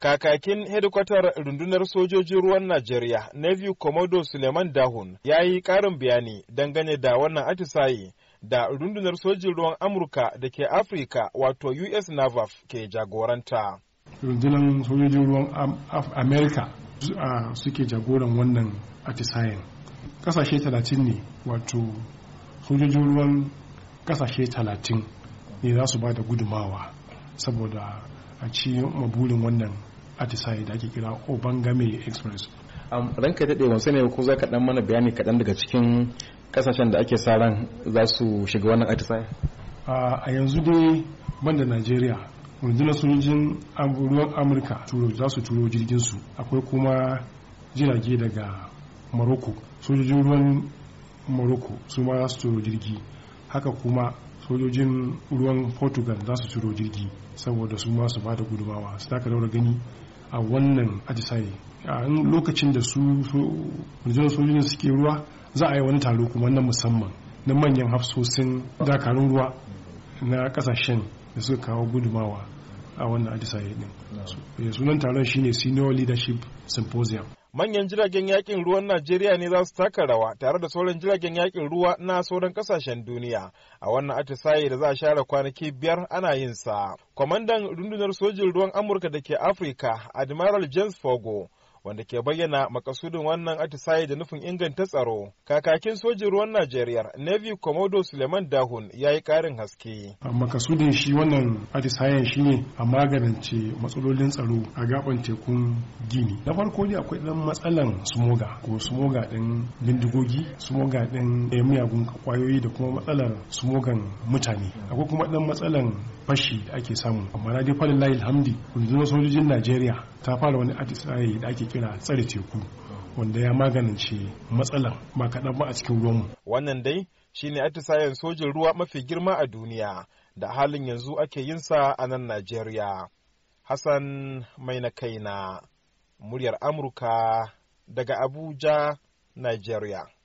Kakakin hedikwatar rundunar sojojin ruwan Najeriya, Navy Commodore Suleiman Dahun, ya yi ƙarin bayani dangane da wannan atisaye da rundunar sojin ruwan Amurka da ke Afirka wato US NAVAF ke jagoranta. Rundunar sojojin ruwan Amerika suke jagoran wannan atisayin, Kasashe talatin ne wato sojojin ruwan kasashe talatin ne za su ba da gudumawa. saboda a ci mabulin wannan atisaye da ake kira obangame express ranka daɗe wasu ne ko za ka ɗan mana bayani kaɗan daga cikin ƙasashen da ake sa ran za su shiga wannan atisaye a yanzu dai banda najeriya na sojojin ruwan amurka za su turo jirgin su akwai kuma jirage daga morocco sojojin ruwan morocco su ma za su turo jirgi haka kuma sojojin ruwan portugal za su ciro jirgi saboda su ma su ba da gudumawa su taka daura gani a wannan atisaye a lokacin da su rijiyar sojojin suke ruwa za a yi wani taro kuma na musamman na manyan hafsosin dakarun ruwa na kasashen da suka kawo gudumawa a wannan atisaye din eh, sunan taron shine senior leadership symposium manyan jiragen yakin ruwan Najeriya ne za su taka rawa tare da sauran jiragen yakin ruwa na sauran kasashen duniya a wannan atisaye da za a share kwanaki biyar ana yin sa. Kwamandan rundunar sojin ruwan Amurka da ke Afirka, Admiral James Fogo, wanda ke bayyana makasudin wannan atisaye da nufin inganta tsaro. Kakakin sojin ruwan Najeriya, Navy Komodo Suleiman Dahun ya yi karin haske. Makasudin shi wannan atisayen shi ne a magance matsalolin tsaro a gaban tekun Gini. Na farko ne akwai ɗan matsalan smoga ko sumoga ɗin bindigogi, sumoga ɗin eh, miyagun kwayoyi da kuma matsalar smogan mutane. Akwai kuma ɗan matsalan fashi ake samu. Amma na dai falin alhamdi rundunar sojojin Najeriya ta fara wani atisaye da ake kira tsare teku wanda ya magance matsalar ba kaɗan ba a cikin ruwanmu. Wannan dai shi ne atisayen sojin ruwa mafi girma a duniya da halin yanzu ake yin sa a nan Najeriya. Hassan mai na kai na, muryar Amurka daga Abuja, Najeriya.